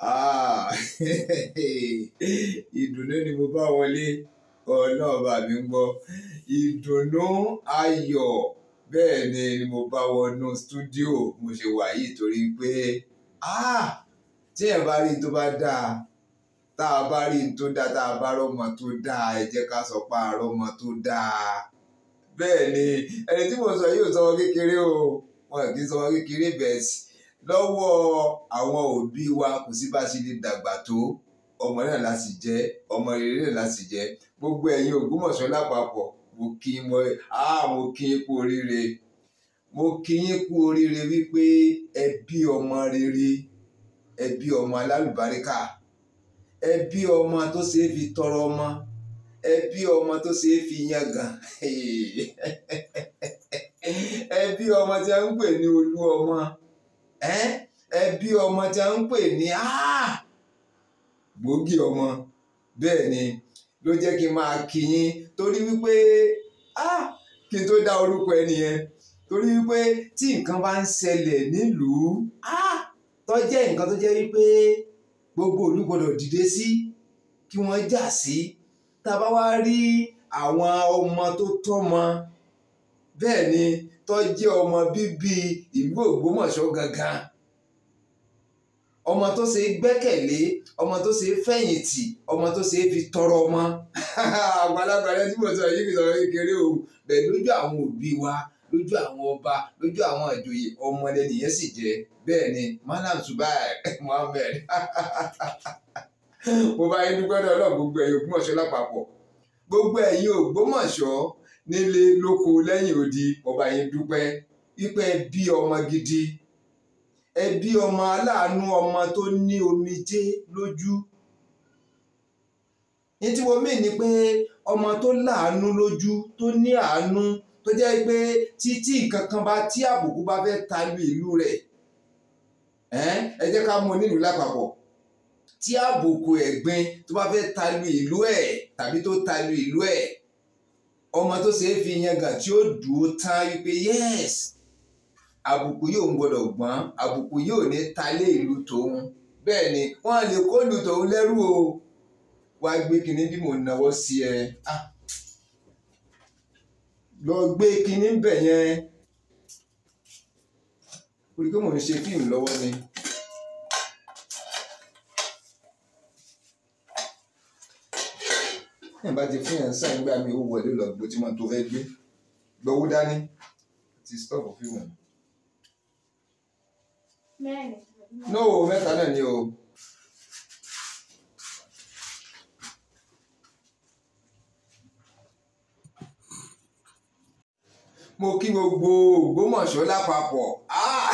Ah, ìdùnnú ni mo bá wọlé ọlọ́ọ̀bà mi ń gbọ́ ìdùnnú ayọ̀ bẹ́ẹ̀ ni ni mo bá wọnú stúdíò mo ṣe wà yìí torí pé ah, tí ẹ̀ bá rí i tó bá dáa tá a bá rí i tó dáa tá a bá rọ́mọ tó dáa ẹ jẹ́ ká sọ pé àrọ́mọ tó dáa bẹ́ẹ̀ ni ẹni tí mo sọ yóò sọ wọn kékeré o wọn kì í sọ wọn kékeré bẹ́ẹ̀ sí lọ́wọ́ àwọn òbí wa kò sí bá a ṣe lè dàgbà tó ọmọ náà la sì jẹ́ ọmọ rere náà la sì jẹ́ gbogbo ẹ̀yin Ògbómọ̀ṣọ́ lápapọ̀ mo kí mo á mo kí yín kú oríire mo kí yín kú oríire wípé ẹ bí ọmọ rere ẹ bí ọmọ alálùbáríkà ẹ bí ọmọ tó ṣeé fi tọrọ ọmọ ẹ bí ọmọ tó ṣeé fi yangàn ẹ bí ọmọ tí a ń pè ní olú ọmọ ẹbí ọmọ tí a ń pè ní ah! gbòógì ọmọ bẹ́ẹ̀ ni ló jẹ́ kí n máa kí torí wípé ah! kí n tó dá orúkọ ẹni yẹn torí wípé tí nǹkan bá ń ṣẹlẹ̀ nílùú ah! tó nǹkan tó jẹ́ wípé gbogbo ìlú gbọ́dọ̀ dìde sí kí wọ́n jà sí tá a bá wá rí àwọn ọmọ tó tọ́mọ bẹ́ẹ̀ ni tó jẹ́ ọmọ bíbí ìlú Ògbómọ̀ṣọ́ gangan ọmọ tó ṣe gbẹ́kẹ̀lé ọmọ tó ṣe fẹ̀yìntì ọmọ tó ṣe fi tọrọ ọmọ àgbàlagbà rẹ tí mo sọ yìí sọ kékeré o bẹ́ẹ̀ lójú àwọn òbí wa lójú àwọn ọba lójú àwọn ìjòyè ọmọ ẹlẹ́nìyẹn sì jẹ́ bẹ́ẹ̀ ni Malam Subai Muhammed mo bá yín dúpẹ́ lọ́dọ̀ gbogbo ẹ̀yin Ògbómọ̀ṣọ́ lápapọ̀ gbogbo ẹ̀yin Ògbómọ̀ṣọ́ nílé lóko lẹ́yìn odi ọba yẹn dúpẹ́ pípẹ́ bí ọmọ gidi ẹ bí ọmọ aláàánú ọmọ tó ní omijé lójú ní tí wọ́n mìíràn ni pé ọmọ tó láàánú lójú tó ní àánú tó jẹ́ pé títí kankan bá tí àbùkù bá fẹ́ ta lu ìlú rẹ̀ ẹ jẹ́ ká mú nílùú lápapọ̀ tí àbùkù ẹ̀gbin tó bá fẹ́ ta lu ìlú ẹ̀ tàbí tó ta lu ìlú ẹ̀ ọmọ tó ṣe é fi yangàn tí ó dúró tán wípé yes àbùkù yóò ń gbọdọ̀ gbọ́n àbùkù yóò ní talé ìlú tòun bẹ́ẹ̀ ni wọ́n lè kó lù tòun lẹ́rú o wàá gbé kinní bí mò ń nawọ́ sí ẹ ah, lọ gbé kinní bẹ̀ yẹn orí pé mò ń ṣe fíìmù lọ́wọ́ ni. nígbà tí fún yàn sáà nígbà mi ò wọlé lọ gbó tí mo tó fẹ́ gbé gbowó dání ti stop fi wọn. no mẹ́ta náà ni o. mo kí gbogbo Ògbómọ̀ṣọ́ lápapọ̀ ah!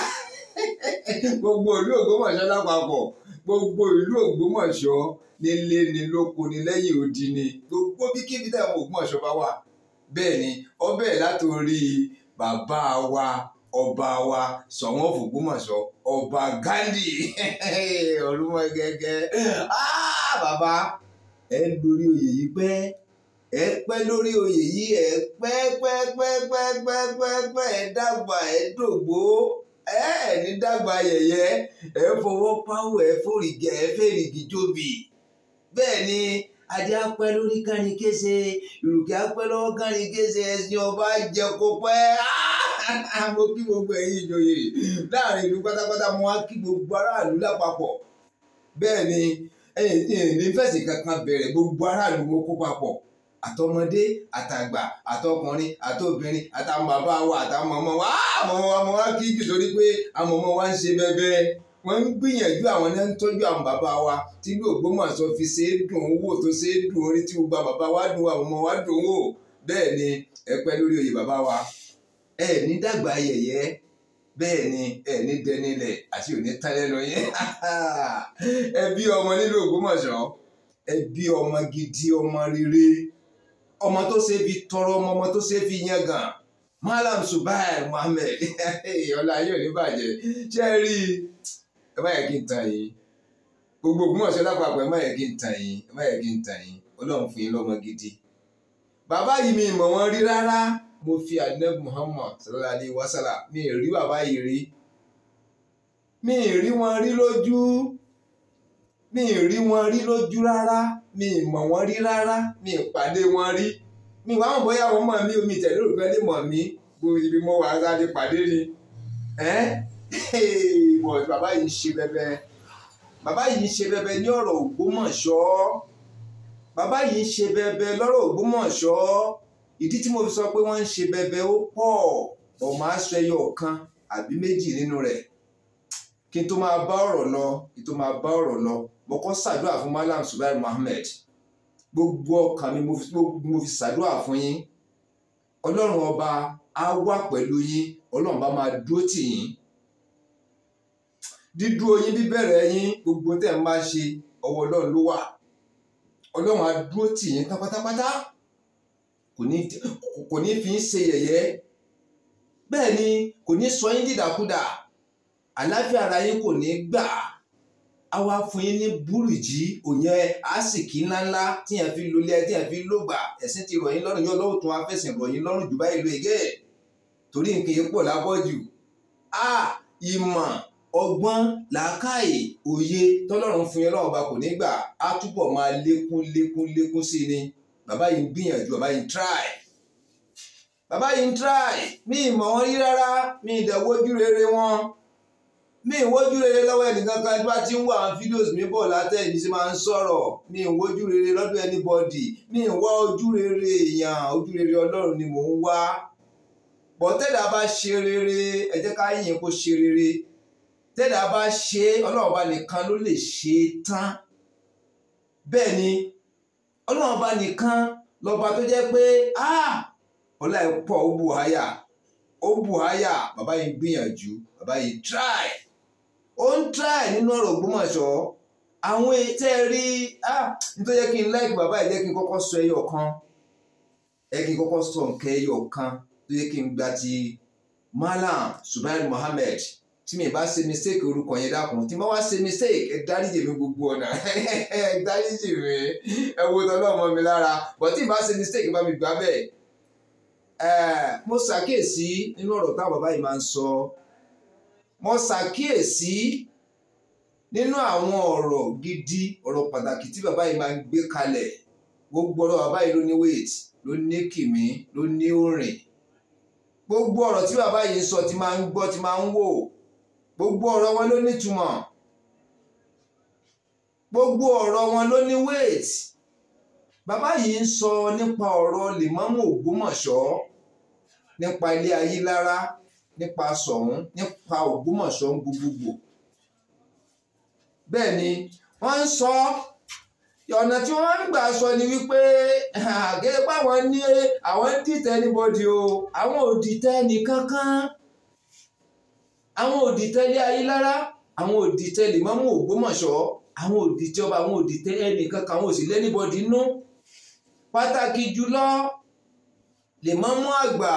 gbogbo ìlú Ògbómọ̀ṣọ́ lápapọ̀ gbogbo ìlú Ògbómọ̀ṣọ́ nílé ni lóko ni lẹ́yìn odi ni gbogbo bíkíbi táwọn Ògbómọ̀ṣọ́ bá wà bẹ́ẹ̀ ni ọbẹ̀ látòrí bàbá wa ọba wa Ṣọ̀ún of Ògbómọ̀ṣọ́ ọba Ghandi ọ̀rùnmọ̀ gẹ́gẹ́ ah, bàbá ẹ ń lórí oyè yìí pẹ́ ẹ pẹ́ lórí oyè yìí ẹ pẹ́ pẹ́ pẹ́ pẹ́ pẹ́ pẹ́ ẹ dàgbà ẹ dògbó. ẹ ẹ ní dàgbà yẹyẹ ẹ fọwọ́ pawó ẹ fòrìgẹ ẹ fèrìgì tóbi bẹ́ẹ̀ ni adé apẹ́ lórí kánni kése ìrùkẹ́ apẹ́ lọ́wọ́ kése ọba jẹ ah! mo kí gbogbo ẹ̀yin ìjòyè láàrin ìlú pátápátá mo wá kí gbogbo aráàlú lápapọ̀ bẹ́ẹ̀ ni ẹ̀yìn ní fẹ̀sìn kankan bẹ̀rẹ̀ gbogbo aráàlú mo kó papọ̀. àtọmọdé àtàgbà àtọkùnrin àtobìnrin àtàwọn bàbá wa àtàwọn mọmọ wa ah, mọmọ wa mọmọ wa kì í jù lórí pé àwọn mọmọ wa ń ṣe bẹbẹ wọ́n ń gbìyànjú àwọn náà ń tọ́jú àwọn bàbá wa tí bí Ògbómọ̀ṣọ́ fi ṣe é dùn owó tó ṣe é dùn orí tí gbogbo bàbá wa dùn àwọn ọmọ wa dùn wò bẹ́ẹ̀ ni ẹ pẹ́ lórí oyè bàbá wa ẹ ní dàgbà yẹ̀yẹ́ bẹ́ẹ̀ ni ẹ ní dẹnilẹ̀ àti òní tálẹ́nu yẹn ẹ bí ọmọ nílùú Ògbómọ̀ṣọ́ ẹ bí ọmọ gidi ọmọ rere ọmọ tó ṣe fi tọrọ ọmọ ọmọ tó ṣe fi yan gan Malam Subai Muhammed ọlá yóò ní bàjẹ́ ṣe é rí ẹ má yẹ kí n tàn yín gbogbo Ògbómọ̀ṣọ́ lápapọ̀ ẹ má yẹ kí n tàn yín ẹ má yẹ kí n tàn yín Ọlọ́run fún yín lọ́mọ gidi bàbá yìí mi mọ̀ wọ́n rí rárá mo fi adnab Muhammad sallallahu alaihi wasallam mi rí bàbá yìí rí mi rí wọn rí lójú mi rí wọn rí lójú rárá mi ì mọ̀ wọ́n rí rárá mi ì pàdé wọn rí mi wàá mọ̀ bóyá wọ́n mọ̀ mí omi ìtẹ̀lé òkú ẹni mọ̀ mí gbogbo ibi mo wà á sáré pàdé ni bọ̀ bàbá yìí ṣe bẹbẹ bàbá yìí ṣe bẹbẹ ní ọ̀rọ̀ Ògbómọ̀ṣọ́ bàbá yìí ṣe bẹbẹ lọ́rọ̀ Ògbómọ̀ṣọ́ ìdí tí mo fi sọ pé wọ́n ń ṣe bẹbẹ ó pọ̀ ọmọ aṣọ ẹyọ kan àbí méjì nínú rẹ̀ kí n tó máa bá ọ̀rọ̀ lọ kí n tó máa bá ọ̀rọ̀ lọ mo kọ́ ṣàdúrà fún Malam Subair Muhammed gbogbo ọkàn mi mo fi ṣàdúrà fún yín ọlọ́run ọba á wà pẹ̀lú yín ọlọ́run bá máa dúró tì yín dídúró yín bíbẹ̀rẹ̀ yín gbogbo tẹ̀ ń bá ṣe ọwọ́ ọlọ́run ló wà ọlọ́run á dúró tì yín tán kò ní fi ń ṣe yẹ̀yẹ́ bẹ́ẹ̀ ni kò ní sọ yín dìdàkudà àlàáfíà ara yín kò ní gbà á awa wá fún yín ní búrùjí òyìn àsìkí ńláńlá tí yẹn fi lulẹ̀ tí yẹn fi lógbà ẹ̀sìn ti rọ̀ yín lọ́rùn yóò lọ́wọ́ tún afẹ́sìn rọ̀ jù báyìí lóye gẹ́ẹ̀ torí nǹkan yẹn pọ̀ lábọ́jù a ìmọ̀ ọgbọ́n làákàyè òye tọ́lọ́run fún yín lọ́wọ́ bá kò ní gbà á túbọ̀ máa lékún lékún lékún sí ni bàbá yìí ń gbìyànjú bàbá yìí ń try bàbá yìí ń try mi ì mọ̀ rí rárá mi ì dẹ̀wọ́jú rere wọn mi ìwójú rere lọ́wọ́ ẹnìkan kan tí bá ti ń wà àwọn fídíòs mi bọ̀ látẹ̀yìn sí máa ń sọ̀rọ̀ mi ìwójú rere lọ́dọ̀ anybody mi ìwá ojú rere èèyàn ojú rere ọlọ́run ni mò ń wá bọ́tẹ́dà bá ṣe rere ẹ̀jẹ̀ ká yìn kó ṣe rere tẹ́dà bá ṣe ọlọ́run bá nìkan ló lè ṣe tán bẹ́ẹ̀ ni ọlọ́run bá nìkan lọ́ba tó jẹ́ pé ah, ọlá ẹ̀ pọ̀ ó bù háyà ó bù háyà bàbá yìí gbìyànjú bàbá yìí try. ó ń try nínú ọ̀rọ̀ Ògbómọ̀ṣọ́ àwọn tẹ́ ẹ rí ah, nítorí like bàbá ẹ̀ jẹ́ kí n ẹyọ kan ẹ kí n sọ nǹkan ẹyọ kan tó yẹ kí n gba ti Malam Zubairu Mohammed tí mi bá ṣe mistake orúkọ yẹn dákun tí mo wá mistake ẹ dáríjì mi gbogbo ọ̀nà ẹ dáríjì mi ẹ wo tọ́lọ́ ọmọ mi lára but tí bá ṣe mistake bá mi gbà mo ṣàkíyèsí nínú ọ̀rọ̀ táwọn bàbá yìí máa ń sọ mo ṣàkíyèsí nínú àwọn ọ̀rọ̀ gidi ọ̀rọ̀ pàtàkì tí bàbá yìí máa ń gbé kalẹ̀ gbogbo ọ̀rọ̀ bàbá yìí ló ní wait ló ní kìmí ló ní òrìn gbogbo ọ̀rọ̀ tí bàbá yìí ń sọ ti máa ń gbọ́ ti máa ń wò gbogbo ọ̀rọ̀ wọn ló nítumọ̀ gbogbo ọ̀rọ̀ wọn ló ní wait bàbá yìí ń sọ nípa ọ̀rọ̀ lèmọ́mù Ògbómọ̀ṣọ́ nípa ilé ayé lára nípa Ṣọ̀ún nípa Ògbómọ̀ṣọ́ gbogbogbò bẹ́ẹ̀ ni wọ́n ń sọ ọ̀nà tí wọ́n ń gbà sọ ni wípé àgẹ́ báwọn ní àwọn ń dìtẹ́ anybody o àwọn ò dìtẹ́ nìkankan àwọn ò dìtẹ́ ilé ayé lára àwọn ò dìtẹ́ lèmọ́mù Ògbómọ̀ṣọ́ àwọn ò dìtẹ́ ọba àwọn ò dìtẹ́ ẹnìkankan àwọn ò sì lẹ́nìbọ̀dì nú pàtàkì jùlọ lèmọ́mù àgbà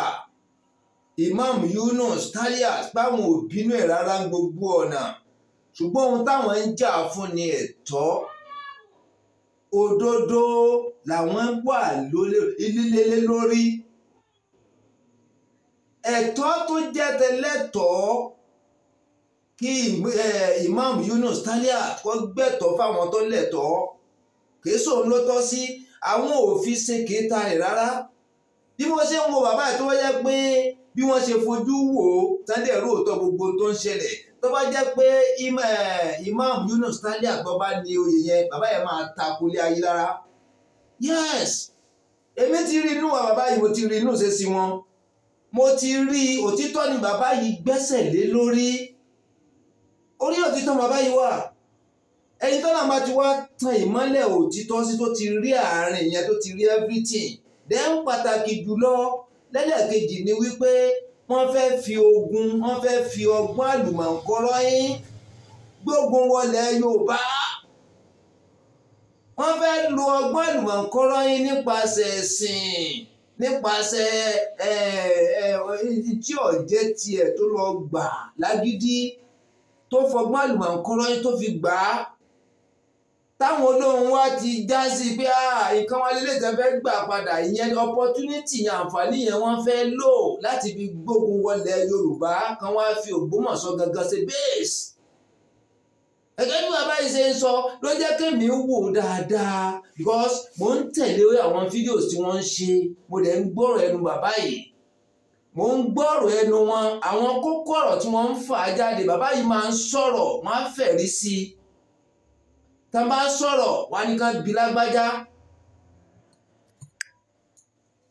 Imam Yunus Taliat páwọn ò bínú ẹ̀ rárá ń gbogbo ọ̀nà ṣùgbọ́n ohun táwọn ń jà fún ni ẹ̀tọ́ òdodo làwọn wà lílélé lórí ẹ̀tọ́ tó jẹ́ tẹlẹ́tọ̀ọ́ kí Imam Yunus Taliat kó gbẹ̀tọ́ fáwọn tó lẹ́tọ̀ọ́ kìí sóun ló tọ́ sí àwọn òfin ṣe kìí ta rẹ̀ rárá bí mo ṣe ń wo bàbá ẹ̀ tó pé bí wọ́n ṣe fojú wò ó sunday róòtọ́ gbogbo tó ń ṣẹlẹ̀ tó bá jẹ́ pé eh, imam yunus stanley àgbọ́bá ni oyè yẹn bàbá yẹn máa takulé ayé lára yes èmi ti rí inú wa bàbá yìí mo ti rí inú ṣe sí wọn mo ti rí òtítọ́ ni bàbá yìí gbẹ́sẹ̀ lé lórí orí òtítọ́ bàbá yìí wà ẹni tó náà bá ti wá tan ìmọ́lẹ̀ òtítọ́ sí tó ti rí àárín yẹn tó ti rí everything then pàtàkì jùlọ lẹ́lẹ́kejì ni wípé wọ́n fẹ́ fi ogun wọ́n fẹ́ fi ọgbọ́n àlùmọ̀ǹkọ́rọ́ yín gbógun wọlé Yorùbá wọ́n fẹ́ lo ọgbọ́n àlùmọ̀ǹkọ́rọ́ yín nípasẹ̀ ẹ̀sìn nípasẹ̀ tí ọ̀jẹ́ tiẹ̀ tó lọ gbà lágídí tó fọgbọ́n àlùmọ̀ǹkọ́rọ́ yín tó fi gbà á táwọn olóhùn wa ti já sí pé nǹkan wa lélẹ̀ tẹ́ fẹ́ gbà padà ìyẹn opportunity yẹn àǹfààní yẹn wọ́n fẹ́ lò láti fi gbógun wọlé Yorùbá kan wá fi Ògbómọ̀ṣọ́ gangan ṣe base gẹ́gẹ́ bí bàbá yìí ṣe ń sọ ló jẹ́ kémi wò dáadáa because mo ń tẹ̀lé àwọn fídíòs tí wọ́n ń ṣe mo dẹ̀ ń gbọ́rọ̀ ẹnu bàbá yìí mo ń gbọ́rọ̀ ẹnu wọn àwọn kókó ọ̀rọ̀ tí wọ́n ń fà jáde bàbá yìí máa ń sọ̀rọ̀ máa ń fẹ̀rí sí i tán bá sọ̀rọ̀ wá ní kan bí lágbájá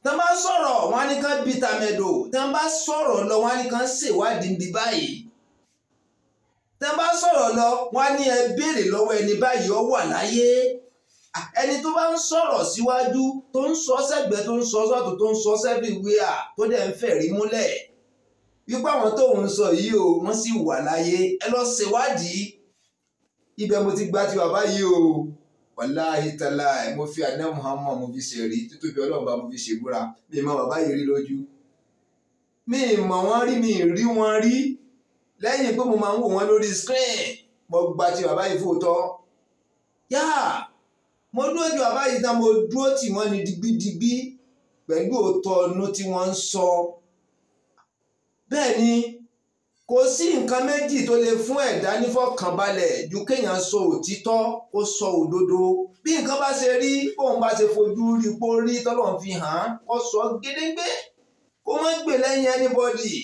tán bá sọ̀rọ̀ wá ní kan bí tàmẹ̀dò tán bá sọ̀rọ̀ lọ wá ní kan ṣèwádìí níbi báyìí tán bá sọ̀rọ̀ lọ wá ní ẹ béèrè lọ́wọ́ ẹni báyìí ó wà láyé ẹni tó bá ń sọ̀rọ̀ síwájú tó ń sọ sẹ́gbẹ̀ẹ́ tó ń sọ sọ́tò tó ń sọ sẹ́fìwéà tó dẹ̀ ń fẹ̀rí múlẹ̀ wípé àwọn tóun sọ yìí o wọ́n sì wà láyé ẹ lọ ṣèwádìí ibẹ̀ mo ti gba ti bàbá yìí o wàláhì tàlà ẹ̀ mo fi àná Muhammad mo fi ṣe rí títóbi ọlọ́run bá mo fi ṣe búra mi mọ bàbá yìí rí lójú mi mọ̀ wọ́n rí mi rí wọ́n rí lẹ́yìn pé mo máa ń wò wọ́n lórí screen mo gba ti bàbá yìí fòótọ́ yáà mo dúró ti bàbá yìí tán mo dúró tì wọ́n ní digbidigbi pẹ̀lú òótọ́ ọ̀nù tí wọ́n ń sọ bẹ́ẹ̀ ni kò sí nǹkan méjì tó lè fún ẹ̀dá nífọ̀kànbalẹ̀ ju kéèyàn sọ òtítọ́ kó sọ òdodo bí nǹkan bá ṣe rí bóun bá ṣe fojú rí pó rí tọ́lọ́run fi hàn án kó sọ gédégbé kó má gbè lẹ́yìn anybody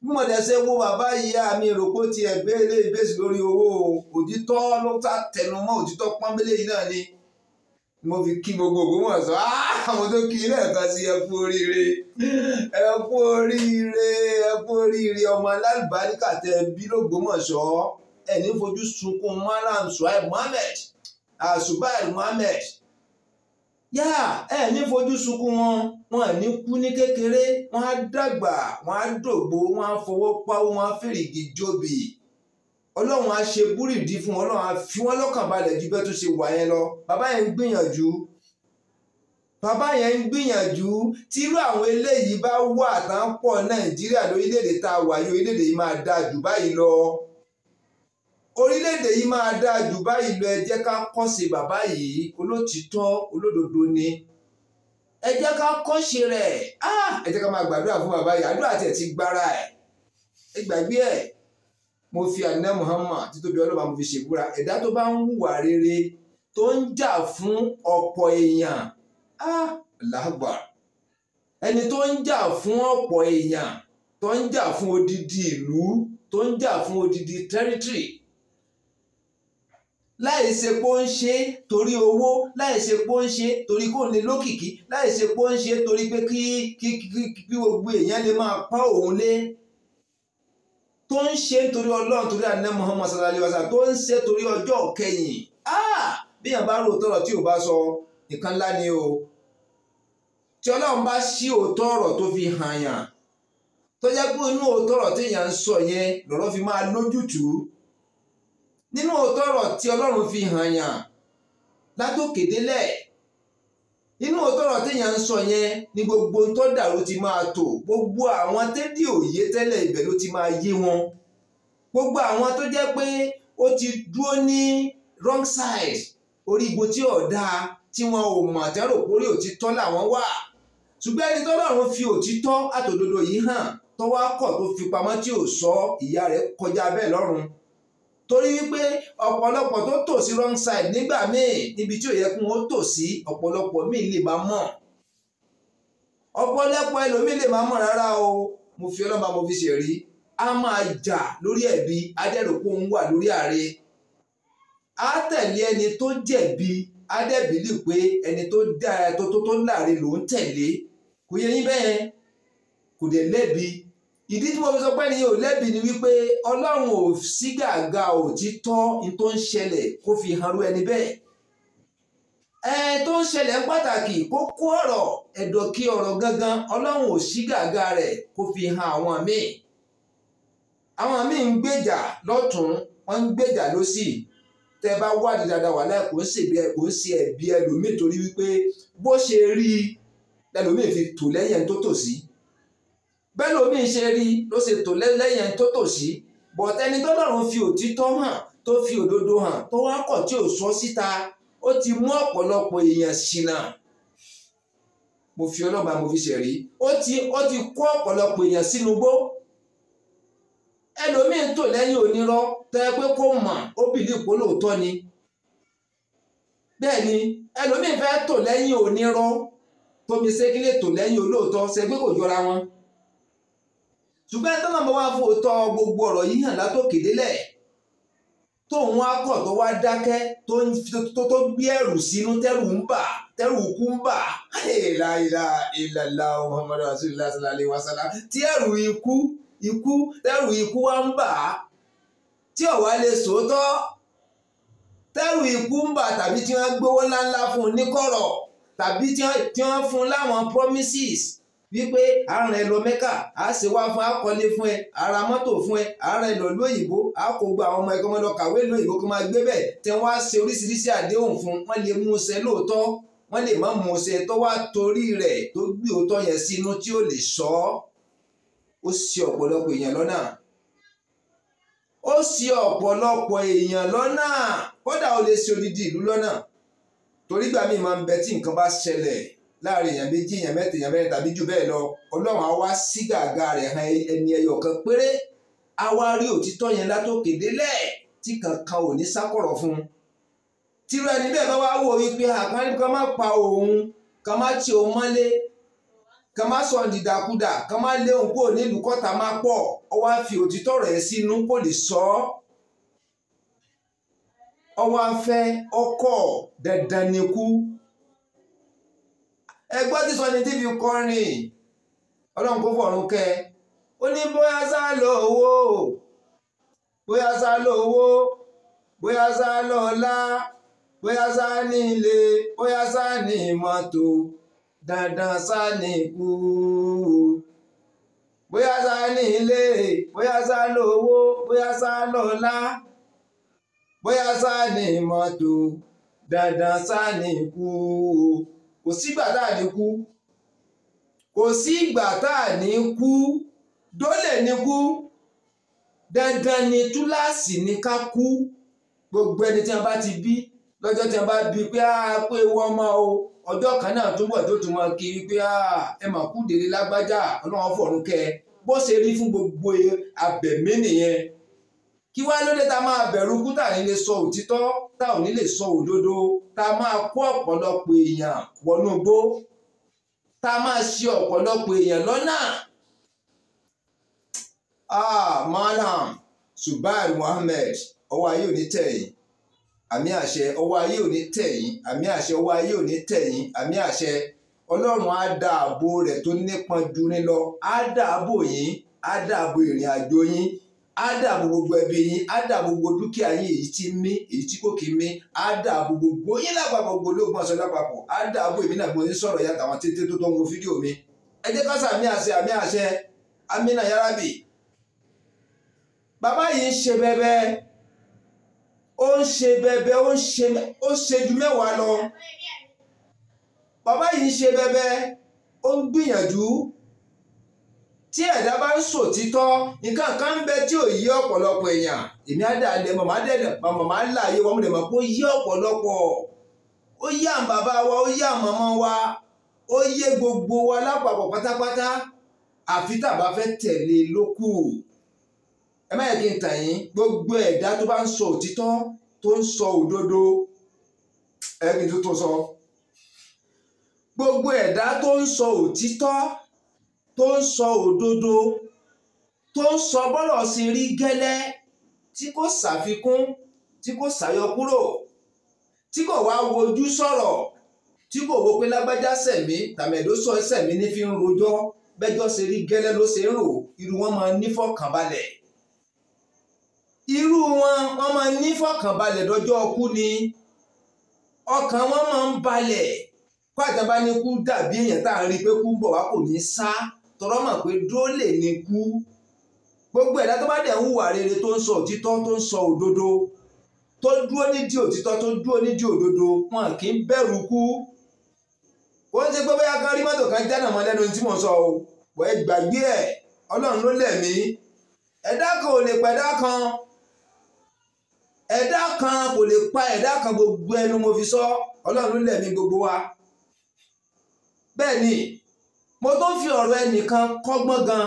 bí mo dẹ̀ ṣe wo bàbá ìyá mi rò pé tiẹ̀ gbé ilé ìbéèsì lórí owó òtítọ́ ló ta tẹnumọ́ òtítọ́ pọ́nbélé yìí náà ni mo fi kí gbogbo ògbómọ̀ sọ áá àwọn tó kí lẹ́ẹ̀kan sí ẹ kú oríire ẹ kú oríire ẹ kú oríire ọmọ alálùbáríkà tẹ bí lógbómọ̀ṣọ́ ẹni fojú sunkún malam suhaib mohammed asubair mohammed yá ẹni fojú sunkún wọn wọn ní kú ní kékeré wọn á dàgbà wọn á dògbò wọn á fọwọ́ pawó wọn á fèrègì jóbi ọlọ́run á ṣe búrìdì fún ọlọ́run á fi wọ́n lọ́kàn balẹ̀ ju bẹ́ẹ̀ tó ṣe wà yẹn lọ bàbá yẹn ń gbìyànjú bàbá yẹn ń gbìyànjú tírú àwọn eléyìí bá wà tá ń pọ̀ nàìjíríà lórílẹ̀‐èdè tá a wà yìí orílẹ̀‐èdè yìí máa dáa jù báyìí lọ orílẹ̀‐èdè yìí máa dáa jù báyìí lọ ẹ jẹ́ ká kọ́sẹ̀ bàbá yìí olótìtọ́ olódodo ni ẹ jẹ́ ká kọ́sẹ̀ rẹ̀ ah! ẹ jẹ́ ká máa gbàdúrà fún bàbá yìí àdúrà tẹ̀ ti gbára ẹ̀ ẹ gbàgbé ẹ̀ mo fi àná Muhammad títóbi ọlọ́ba mo fi ṣèbúra ẹ̀dá tó bá ń hùwà rere tó ń jà fún ọ̀pọ̀ èèyàn Ah, alágbà ẹni tó ń jà fún ọ̀pọ̀ èèyàn tó ń jà fún odidi ìlú tó ń jà fún odidi tẹ́rítírì láì ṣe pé ó ń ṣe torí owó láì ṣe pé ó ń ṣe torí kò ní lókìkí láì ṣe pé ó ń ṣe torí pé kí kí kí gbogbo èèyàn lè máa pa òun lé tó ń ṣe nítorí ọlọ́run torí àná Muhammad sallallahu alaihi wasallam tó ń ṣe torí ọjọ́ kẹyìn ah! bí èèyàn bá rò tọrọ tí ò bá sọ nǹkan ńlá ni o tí ọlọ́run bá ṣí òótọ́ ọ̀rọ̀ tó fi hàn yàn tó jẹ́ pé inú òótọ́ ọ̀rọ̀ téèyàn ń sọ yẹn lọ́rọ̀ fi máa lójútùú nínú òótọ́ ọ̀rọ̀ tí ọlọ́run fi hàn yàn látòkèdélẹ̀ inú òótọ́ ọ̀rọ̀ téèyàn ń sọ yẹn ni gbogbo ń tọ́ dàrú ti máa tò gbogbo àwọn tẹ́lẹ̀ òye tẹ́lẹ̀ ibẹ̀ ló ti máa yé wọn gbogbo àwọn tó jẹ́ pé ó ti dúró ní wrong side orí ibo tí ò dáa tí wọn ò mọ̀ àtẹ́rò kórè òtítọ́ làwọn wà ṣùgbọ́n ẹni tọ́lọ́run fi òtítọ́ àtòdodo yìí hàn tọ́wọ́ akọ̀ tó fi pamọ́ tí ò sọ ìyá rẹ̀ kọjá bẹ́ẹ̀ lọ́rùn torí wípé ọ̀pọ̀lọpọ̀ tó tò sí wrong side nígbà míì níbi tí ò yẹ kí wọ́n tò sí ọ̀pọ̀lọpọ̀ míì lè máa mọ̀ ọ̀pọ̀lọpọ̀ ẹlòmíì lè máa mọ̀ rárá o mo fi ọlọ́mọ mo fi ṣèrí a máa jà lórí ẹ̀bi adẹ́rùkún wà lórí ààrẹ a tẹ̀lé ẹni tó jẹ̀bi adẹ́bìlì pé ẹni tó dára tó tó tó láre ló ń tẹ̀lé kò yẹ yín bẹ́ẹ̀ kò dẹ̀ lẹ́bi ìdí tí mo fi sọ pé ẹni yóò lẹ́bi ni wípé ọlọ́run ò sí gàgà òtítọ́ ní tó ń ṣẹlẹ̀ kó fi hàn rú ẹni bẹ́ẹ̀ ẹ tó ń ṣẹlẹ̀ ń pàtàkì kókó ọ̀rọ̀ ẹ̀dọ̀ kí ọ̀rọ̀ gangan ọlọ́run ò sí gàgà rẹ̀ kó fi hàn àwọn míì àwọn míì ń gbèjà lọ́tún wọ́n ń gbèjà lọ́sì tẹ bá wádìí dáadáa wà láì kò ń ṣèbí kò ń ṣe ẹ̀bi ẹlòmíì torí wípé bó ṣe rí ẹlòmíì fi tò lẹ́yìn ẹni tó tòsí bẹ́ẹ̀ lómi ṣe rí ló ṣe tò lẹ́yìn ẹni tó tòsí bọ̀tẹ́ni tó lọ́rùn fi òtítọ́ hàn tó fi òdodo hàn tó wá kọ̀ tí ò sọ síta ó ti mú ọ̀pọ̀lọpọ̀ èèyàn ṣìnà mo fi ọlọ́ba mo fi ṣẹ̀rí ó ti ó ti kó ọ̀pọ̀lọpọ̀ èèyàn sínú gbó ẹlòmíín tò lẹ́yìn onírọ́ tẹ́ pé kó mọ̀ ó bìlí ìpolóòótọ́ ni bẹ́ẹ̀ ni ẹlòmíín fẹ́ tò lẹ́yìn onírọ́ tómi sékílè tò lẹ́yìn olóòótọ́ ṣẹgbẹ́ kò jọra wọn ṣùgbọ́n tọ́nà bá wá fòótọ́ gbogbo ọ̀rọ̀ yìí hàn látòkè délẹ̀ tóun á kọ̀ tó wá dákẹ́ tó tó gbé ẹ̀rù sínú tẹ́rù ń bà tẹ́rù kú ń bà ìlà ìlà ìlàlá Muhammadu rasulillah sallallahu alaihi tí ẹ̀rù ikú ikú tẹ́rù ikú wá ń bà á tí ọ̀wá lè sòótọ́ tẹ́rù ikú ń bà tàbí tí wọ́n gbowó ńláńlá fún un níkọ̀rọ̀ tàbí tí wọ́n fún un láwọn promises wípé àrùn ẹ̀ lọ mẹ́kà á ṣe wá fún akọ́lé fún ẹ ara mọ́tò fún ẹ ara ẹ̀ lọ lóyìnbó á kó gba àwọn ọmọ ẹ̀kọ́ ọmọdé kàwé lóyìnbó kó máa gbé bẹ̀ tí wọ́n á ṣe oríṣiríṣi àdéhùn fún wọ́n lè mú ṣẹ lóòótọ́ wọ́n lè má mú ṣẹ tó wá torí rẹ̀ tó gbé òótọ́ yẹn sínú tí ó lè sọ ó ṣì ọ̀pọ̀lọpọ̀ èèyàn lọ́nà ó ṣì ọ̀pọ̀lọpọ̀ èèyàn lọ́nà kódà ó lè ṣe odidi ìlú lọ́nà torí gbà míì máa ń bẹ tí nǹkan bá ṣẹlẹ̀ láàrin èèyàn méjì èèyàn mẹ́ta èèyàn mẹ́rin tàbí jù bẹ́ẹ̀ lọ ọlọ́run á wá sí gàgà rẹ̀ han ẹni ẹyọ kan péré á wá rí òtítọ́ yẹn látòkè délẹ̀ tí kankan ò ní sákọ̀rọ̀ fún un tìrọ ẹni bẹ́ẹ̀ bá wá wò wípé àpárí kan má pa òun kan má ti òun mọ́lé kàn má sọ dìdàkudà kàn má lé òun kúrò nílùú kọ́ta má pọ̀ ọ wá fi òtítọ́ rẹ̀ sínú kò lè sọ ọ́ ọ wá fẹ́ ọkọ̀ dandan ni kú ẹgbọ́n ti sọ ní tí fi kọrin ọlọ́run kó fọ̀run kẹ́ ó ní bóyá sá lọ owó bóyá sá lọ owó bóyá sá lọ ọlá bóyá sá ní ilé bóyá sá ní mọ́tò dandan sani kú bóyá sá ní ilé bóyá sá lówó bóyá sá lọ́lá bóyá sá ní mọ́tò dandan sani kú kò sígbà tá à ní kú kò sígbà tá à ní kú dólè ní kú dandan ni túláàsì ní ká kú gbogbo ẹni tí wọn bá ti bí lọ́jọ́ tí wọn bá bí pé á pé wọ́n mọ́ o ọjọ́ kan náà tó bọ̀ tó tún wọn kí wípé ah, ẹ mà kú délé lágbájá ọlọ́run fọ̀run kẹ bó ṣe rí fún gbogbo e, abẹ̀mí nìyẹn kí wá lóde tá a máa bẹ̀rù kú tá à ní lè sọ òtítọ́ tá ò ní lè sọ òdodo tá a máa kó ọ̀pọ̀lọpọ̀ èèyàn wọnú igbó tá a máa ṣe ọ̀pọ̀lọpọ̀ èèyàn lọ́nà. ah malam Subairu Muhammed ọwọ́ ayé ò tẹ̀yìn àmì àṣẹ ọwọ́ ayé ò ní tẹ̀ yín àmì àṣẹ ọwọ́ ayé ò ní tẹ̀ yín àmì àṣẹ ọlọ́run á dáàbò rẹ̀ tó nípọn ju ní lọ á dáàbò yín á dáàbò ìrìn àjò yín á dáàbò gbogbo ẹbí yín á dáàbò gbogbo dúkìá yín èyí tí mí èyí tí kò kí mí á dáàbò gbogbo yín lápapọ̀ gbogbo ológun ọ̀sán lápapọ̀ á dáàbò èmi náà mo ní sọ̀rọ̀ ya tàwọn tètè tó tó ń wo fídíò mi ẹ jẹ́ ká sàmì àṣẹ àmì àṣẹ amínà yárábì bàbá yìí ń ṣe bẹ́ẹ̀ bẹ́ẹ̀ ó ń ṣe bẹbẹ ó ń ṣe ó ṣe ju mẹ́wàá lọ bàbá yìí ń ṣe bẹbẹ ó ń gbìyànjú tí ẹ̀dá bá ń sòtítọ́ nǹkan kan ń bẹ tí ò yí ọ̀pọ̀lọpọ̀ èèyàn èmi àdàlẹ̀ màmá dẹ̀dẹ̀ màmá láàyè wọn lè mọ̀ pé yí ọ̀pọ̀lọpọ̀ ó yí àwọn bàbá wa ó yí àwọn màmá wa ó yé gbogbo wa lápapọ̀ pátápátá àfi tàbá fẹ́ tẹ̀lé lókù ẹ má yẹ kí n tàn yín gbogbo ẹ̀dá tó bá ń sọ òtítọ́ tó ń sọ òdodo ẹ kí n tó tó sọ gbogbo ẹ̀dá tó ń sọ òtítọ́ tó ń sọ òdodo tó ń sọ bọ́rọ̀ sí rí gẹ́lẹ́ tí kò ṣàfikún tí kò ṣàyọkúrò tí kò wá wojú sọ̀rọ̀ tí kò wo pé lágbájá sẹ̀mí tàmẹ̀dó sọ sẹ̀mí ní fi ń rojọ́ bẹ́jọ́ ṣe rí gẹ́lẹ́ ló ṣe ń rò irú wọn máa nífọ̀kànbalẹ̀ irú wọn wọ́n máa nífọ̀kànbalẹ̀ dọjọ́ ọkú ni ọkàn wọn máa ń balẹ̀ pàtàkì ní kú dàbí èèyàn tá à ń rí i pé kú bọ̀ wá kò ní sá tọrọ mọ̀ pé dólè ní kú gbogbo ẹ̀dá tó bá dẹ̀ ń hùwà rere tó ń sọ òtítọ́ tó ń sọ òdodo tó dúró nídìí òtítọ́ tó dúró nídìí òdodo wọn kì í bẹ̀rù kú ó ń ṣe pé bóyá kan rí mọ́tò kan jẹ́ nàmọ́ lẹ́nu tí mo sọ o wọ́n gbàgbé ẹ̀ ọlọ́run ló lẹ̀ mí ẹ̀dá kan ò lè pẹ̀dá kan ẹ̀dá kan kò lè pa ẹ̀dá kan gbogbo ẹnu mo fi sọ ọlọ́run ló lẹ̀mí gbogbo wa bẹ́ẹ̀ ni mo tó fi ọ̀rọ̀ ẹnìkan kọ́gbọ́n gan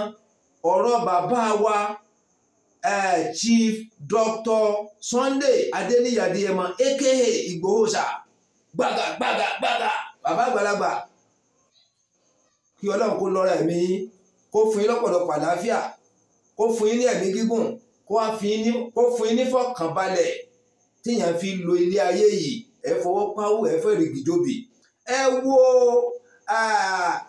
ọ̀rọ̀ bàbá wa Chief doctor, Sunday Adeniyi Adeyemo aka Igboho Oòṣà gbàgà gbàgà gbàgà bàbá àgbàlagbà kí ọlọ́run kó lọ́ra ẹ̀mí kó fún yín lọ́pọ̀lọpọ̀ àlàáfíà kó fún yín ní ẹ̀mí gígùn kó fún yín nífọ̀kànbalẹ̀ tíyàn fi lo ilé ayé yìí ẹ fọwọ́ páwó ẹ fẹ́ rìgìjòbì ẹ wo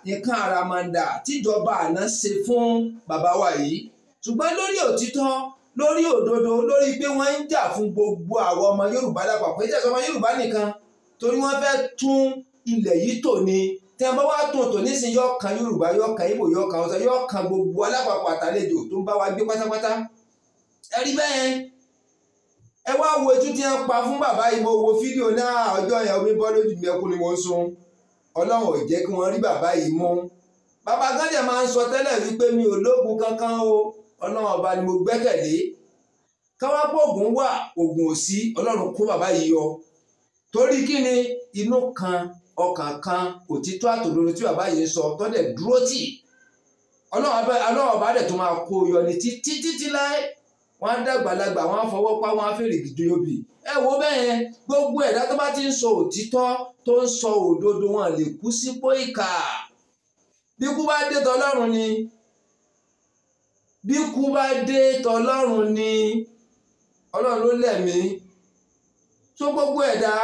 nǹkan àràmàǹdà tíjọba àná ṣe fún bàbá wa yìí ṣùgbọ́n lórí òtítọ́ lórí òdodo lórí pé wọ́n ń jà fún gbogbo àwọn ọmọ Yorùbá lápapọ̀ ìjà sọmọ Yorùbá nìkan torí wọ́n fẹ́ tún ilẹ̀ yìí tò ní tí wọ́n bá wá tún tò nísìnyí yọ̀ọ̀kan Yorùbá yọ̀ọ̀kan Ìgbò yọ̀ọ̀kan Haúsá yọ̀ọ̀kan gbogbo alápapọ̀ àtàlejò tó ń bá wa gbé pátápátá ẹ̀rí bẹ́ẹ̀ ẹ wá wo ojú tí wọ́n pa fún bàbá yìí mo wo fídíò náà ọjọ́ yẹn omi bọ́ lójú mi ẹkú ni wọ́n sun ọlọ́run ò jẹ́ kí wọ́n rí bàbá yìí mú bàbá gánjẹ máa ń sọ tẹ́lẹ̀ wípé mi ò lóògùn kankan o ọlọ́run ọba ni mo gbẹ́kẹ̀lé káwá pé ògùn wà ògùn ò sí ọlọ́run kó bàbá yìí yọ torí kí ni inú kan ọkàn kan òtítọ́ àtòdodo tí bàbá yìí sọ tọ́lẹ̀ dúró tì ọlọ́run ọba dẹ̀ tó máa kó yọ ní títí títí láé wọ́n á dàgbàlagbà wọ́n á fọwọ́ pa wọ́n á fèrè gidi obì ẹ wo bẹ́ẹ̀ gbogbo ẹ̀dá tó bá ti ń sọ òtítọ́ tó ń sọ òdodo wọn lè kú sípò ìkà bí kú bá dé tọlọ́run ni bí kú bá dé tọlọ́run ni ọlọ́run ló lẹ̀mí tó gbogbo ẹ̀dá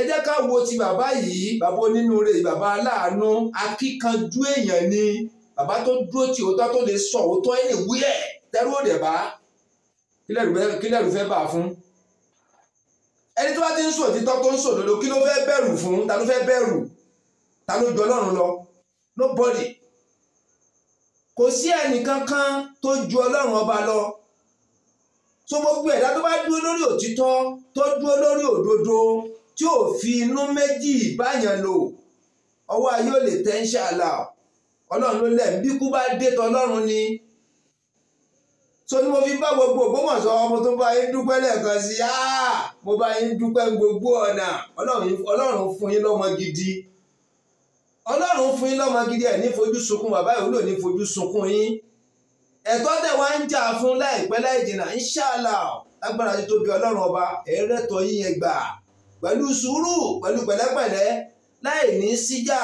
ẹ jẹ́ ká wo ti bàbá yìí bàbá onínúure bàbá aláàánú akíkanjú èèyàn ni bàbá tó dúró ti òótọ́ tó lè sọ òótọ́ ẹ̀ lè wí ẹ̀ dẹ́rù òdẹ̀bá kílẹ̀rù fẹ́ bà fún ẹni tó bá ti ń sọ òtítọ́ tó ń sọ òdodo kí ló fẹ́ bẹ̀rù fún ta ló fẹ́ bẹ̀rù ta ló jọ ọlọ́run lọ nobody kò sí ẹnìkankan tó ju ọlọ́run ọba lọ so gbogbo ẹ̀dá tó bá dúró lórí òtítọ́ tó dúró lórí òdodo tí ò fi inú méjì báyàn lò ọwọ́ ayé ò lè tẹ́ ń ṣàlà ọlọ́run ló lẹ̀ ń bí kú bá dé tọ́ ọlọ́run ni so ni mo fi bá gbogbo Ògbómọ̀ṣọ́ mo tó bá yín dúpẹ lẹ́ẹ̀kan sí i ah! mo bá yín dúpẹ gbogbo ọ̀nà ọlọ́run fún yín lọ́mọ gidi ọlọ́run fún yín lọ́mọ gidi ẹ̀ ní fojú sunkún bàbá ìwúlò ò ní fojú sunkún yín ẹ̀tọ́ tẹ̀ wá ń jà fún láìpẹ́ láìjìnà jìnnà inṣàlá lágbára ti tóbi ọlọ́run ọba ẹ̀rẹ́tọ̀ yín yẹn gbà pẹ̀lú sùúrù pẹ̀lú pẹ̀lẹ́pẹ̀lẹ́ láì ní síjà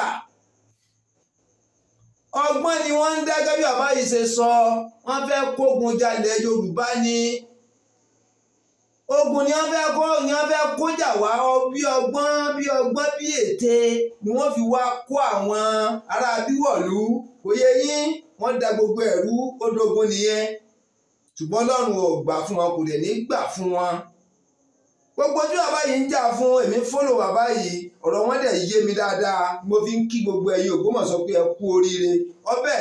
ọgbọ́n ni wọ́n ń dá gẹ́gẹ́ bí bàbá yìí ṣe sọ wọ́n fẹ́ kógun jalẹ̀ Yorùbá ni ogun ni wọ́n fẹ́ kó ni wọ́n fẹ́ kójà wá bí ọgbọ́n bí ọgbọ́n bí ète ni wọ́n fi wá kó àwọn ará bíwọ̀lú kò yẹ yín wọ́n da gbogbo ẹ̀rú ó dogun nìyẹn ṣùgbọ́n Ọlọ́run ò gbà fún wọn kò dẹ̀ ní gbà fún wọn. gbogbo ojú bàbá yìí ń jà fún èmi fọ́lò bàbá yìí ọ̀rọ̀ wọn dẹ̀ yé mi dáadáa mo fi gbogbo ẹ̀yin Ògbómọ̀ṣọ́ pé ẹ kú oríire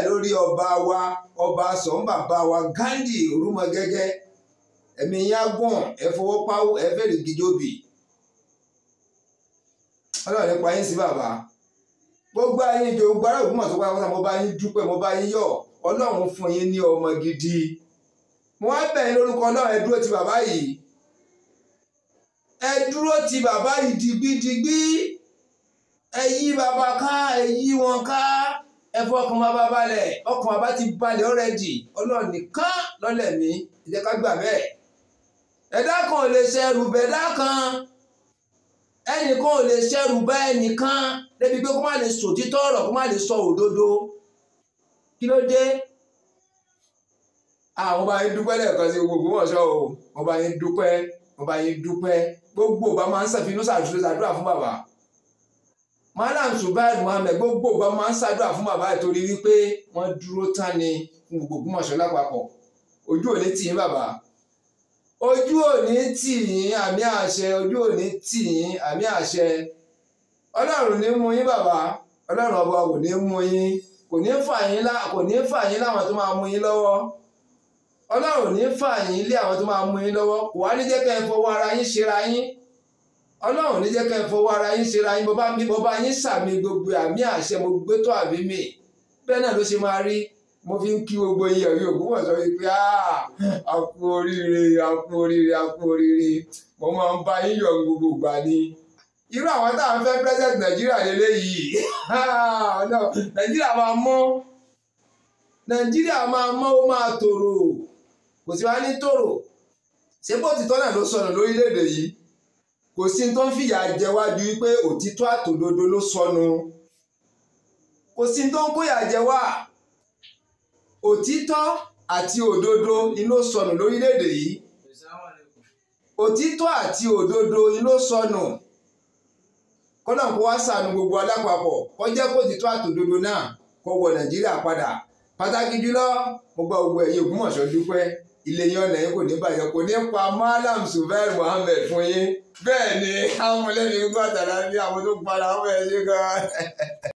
lórí ọba wa ọba sọ̀ǹbà bá wa Ghandi Orúmọgẹ́gẹ́ ẹ̀mí yín agùn ẹ fọwọ́ páwó ẹ fẹ́rẹ̀ ọlọ́run sí bàbá gbogbo ayé ìjọ mo bá yín dúpẹ́ mo bá yín gidi mo wá bẹ̀ yín lórúkọ ẹ dúró ti bàbá yìí digbidigbi ẹ yí bàbá ká ẹ yí wọn ká ẹ fọ ọkàn bàbá balẹ̀ ọkàn bàbá ti balẹ̀ ọ̀rẹ́dì ọlọ́run nìkan lọ́lẹ̀ mi ìjẹ́ ká gbà bẹ́ẹ̀ ẹ̀dá kan ò lè ṣẹrù bẹ̀dá kan ẹnìkan ò lè ṣẹrù bá ẹnìkan débi pé kó má lè sòtítọ́ ọ̀rọ̀ kó má lè sọ òdodo kí ló dé àwọn ah, bá yín dúpẹ́ lẹ́ẹ̀kan sí gbogbo wọn ṣọ́ o wọn bá yín dúpẹ́ mo bá yẹ dúpẹ́ gbogbo ìgbà máa ń sàfihàn ṣàtúnṣe ṣàdúrà fún bàbá malam subair muhammed gbogbo ìgbà máa ń ṣàdúrà fún bàbá ìtorí wípé wọ́n dúró tán ni fún gbogbo Ògbómọ̀ṣọ́ lápapọ̀ ojú ò ní tì yín bàbá ojú ò ní tì yín àmì àṣẹ ojú ò ní tì yín àmì àṣẹ ọlọ́run ní mú yín bàbá ọlọ́run ọba kò ní mú yín kò ní fà yín láwọn tó máa mú yín lọ́wọ́ ọlọ́run ní fà yín lé àwọn tó máa mú yín lọ́wọ́ kò wá ní jẹ́ kẹ́ ẹ fọwọ́ ara yín ṣera yín ọlọ́run ní jẹ́ kẹ́ ẹ fọwọ́ ara yín ṣera yín bọ́bá mi yín sàmì gbogbo àmì àṣẹ mo gbé tó àbí mi bẹ́ẹ̀ náà ló ṣe máa rí mo fi ń kí gbogbo iye ọ̀rí Ògbómọ̀ṣọ́ yìí pé ah, a kú oríire a kú oríire a kú oríire mo máa ń bá yín yọ̀ gbogbo ìgbà ni irú àwọn tá à ń fẹ́ president nàìjíríà lélẹ́yìí ah, nàìjíríà máa mọ́ nàìjíríà máa mọ́ ó máa tòrò kò sí wá ní tòrò ṣé bó ti tọ́nà ló sọnù lórílẹ̀‐èdè yìí kò sí tó ń fìyà jẹ wá ju wípé òtítọ́ àtòdodo ló sọnù kò sí tó ń kóyà jẹ wá òtítọ́ àti òdodo ni ló sọnù lórílẹ̀‐èdè yìí òtítọ́ àti òdodo ni ló sọnù kọ́nà kó wá ṣàánú gbogbo alápapọ̀ kó jẹ́ kó àtòdodo náà kó wọ Nàìjíríà padà pàtàkì jùlọ mo gba gbogbo ẹ̀yin Ògbómọ̀ṣọ́ ilé yín ọ̀nà yín kò ní bàjẹ́ kò ní pa Malam Zubair Muhammed fún yín bẹ́ẹ̀ ni àwọn mọ̀lẹ́bí gbàtàlá ní àwọn tó para wọn ẹ̀ ṣe gan-an.